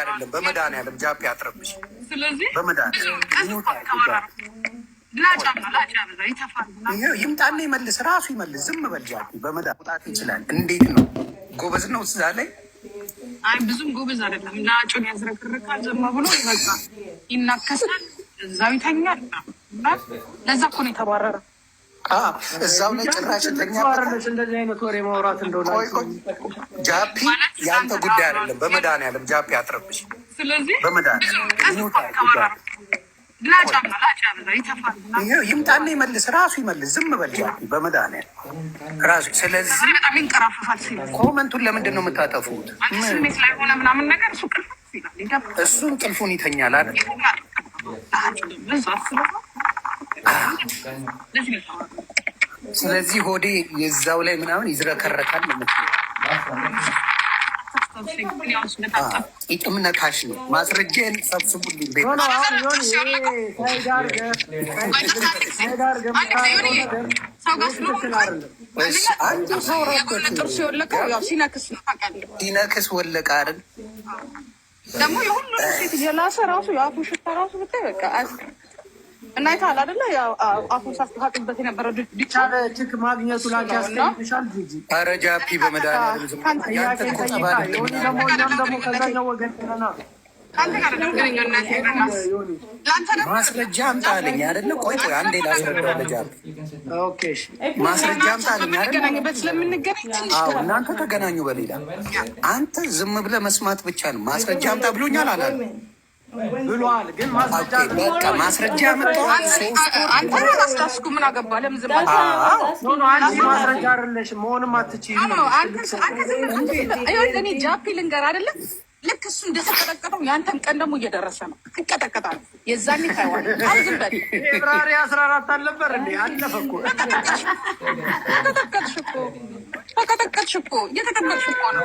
አይደለም በመድኃኒዓለም ጃፒ አትረብሽ። ስለዚህ ይምጣና ይመልስ፣ ራሱ ይመልስ። ዝም በል ጃፒ። በመድኃኒዓለም መውጣት ይችላል። እንዴት ነው ጎበዝ ነው እዛ ላይ? አይ ብዙም ጎበዝ አይደለም። ናጩን ያዝረክርካል። ዘማ ብሎ ይመጣል፣ ይናከሳል፣ እዛው ይተኛል። ለዛ እኮ ነው የተባረረው። እዛው ላይ ጭራሽ እንደዚህ አይነት ወሬ ማውራት እንደሆነ ጃፒ ጉዳይ አይደለም። በመድኃኒዓለም ጃፒ አትረብሽ። ይምጣና ይመልስ፣ ራሱ ይመልስ። ዝም በል ጃፒ፣ በመድኃኒዓለም ራሱ። ስለዚህ ኮመንቱን ለምንድን ነው የምታጠፉት? እሱ እንቅልፉን ይተኛል አይደል? ስለዚህ ሆዴ የዛው ላይ ምናምን ይዝረከረካል ማለት ነው። ነካሽ ነው። ማስረጃን ሰብስቡልኝ። ቤት አንድ ሲነክስ ወለቀ አይደል? ደግሞ የሁሉ ሴት የላሰ ራሱ የአፉ ሽታ ራሱ ብታይ በቃ እና ይታል አደለ አሁን ሳስተካክልበት የነበረ ማግኘቱ ያስገኝሻል። ማስረጃ አይደለ? ቆይ ቆይ አንዴ ላስረዳው። ለጃፒ ማስረጃ አይደለ? እናንተ ተገናኙ። በሌላ አንተ ዝም ብለህ መስማት ብቻ ነው። ማስረጃ አምጣ ብሎኛል አላለም ብሏል። ግን ማስረጃ በቃ ማስረጃ መጥተዋል። አንተን አላስታስኩ ምን አገባ? ለምን ዝም አልክ? አንቺ ማስረጃ አይደለሽ መሆንም አትችይም። ጃፒ ልንገር አይደለ ልክ እሱ እንደተቀጠቀጠው የአንተም ቀን ደግሞ እየደረሰ ነው። ትቀጠቀጣል። የዛኔ ታይዋል። አሁን በል። ፌብራሪ አስራ አራት አልነበር እንዴ? አለፈ እኮ ተቀጠቀጥሽ እኮ ተቀጠቀጥሽ እኮ እየተቀጠቅሽ እኮ ነው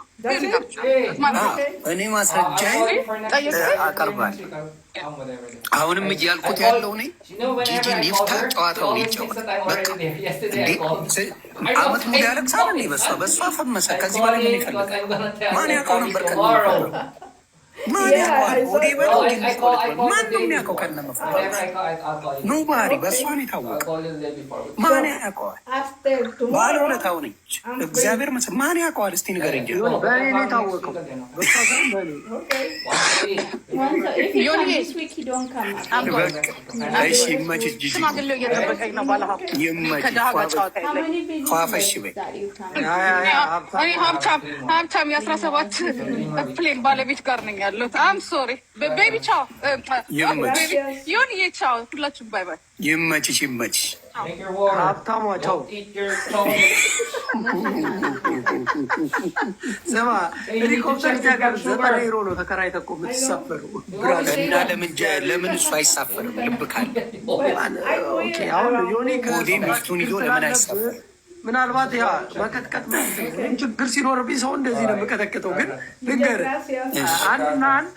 Ah. እኔ ማስረጃ ah. አቀርባል። አሁንም እያልኩት ያለው እኔ ጂጂ ይፍታ ጨዋታውን ይጫወት። በቃ እንዴ አመት ሙሉ ያለቅሳል። በሷ በሷ ፈመሰ። ከዚህ በላይ ምን ይፈልጋል? ማን ያውቀው ነበር ከ ማን ያውቀዋል? ወደ በለው ማንም ከነ መፍራት ነው። ባህሪ በእሷን የታወቀ ማን ያውቀዋል? ባለ ነች። እግዚአብሔር መስ ማን ያውቀዋል? እስቲ ንገር እንጂ የታወቀው ይመችሽ ጂጂ፣ ይመችሽ፣ ፏፈሽ በይ። እኔ ሀብታም የአስራ ሰባት ፕሌን ባለቤት ጋር ነኝ። ያለሁት። አም ሶሪ ቤቢ ቻው። ይሁን ቻው። ሁላችሁም ባይ ባይ። ይመችሽ ይመች ሀብታሟ ቻው። ስማ ሄሊኮፕተር ጋር ዘጠና ዩሮ ነው እና ለምን ለምን እሱ አይሳፈርም? ልብ ካለ አሁን ዮኒ ሚስቱን ይዞ ለምን አይሳፈርም? ምናልባት ያ መቀጥቀጥ ችግር ሲኖርብኝ ሰው እንደዚህ ነው የምቀጠቅጠው። ግን ልንገርህ አንድና አንድ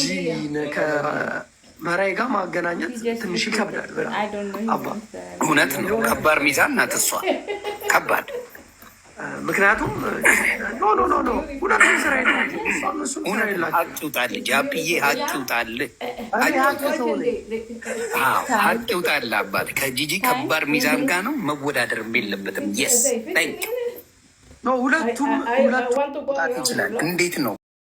ጂጂን ከመራይ ጋር ማገናኘት ትንሽ ይከብዳል። እውነት ነው። ከባድ ሚዛን ናት እሷ ከባድ ምክንያቱም ኖ ኖ ኖ ሁለቱም ስራ አባት ከጂጂ ከባድ ሚዛን ጋር ነው መወዳደር የለበትም። የስ ሁለቱም ይችላል። እንዴት ነው?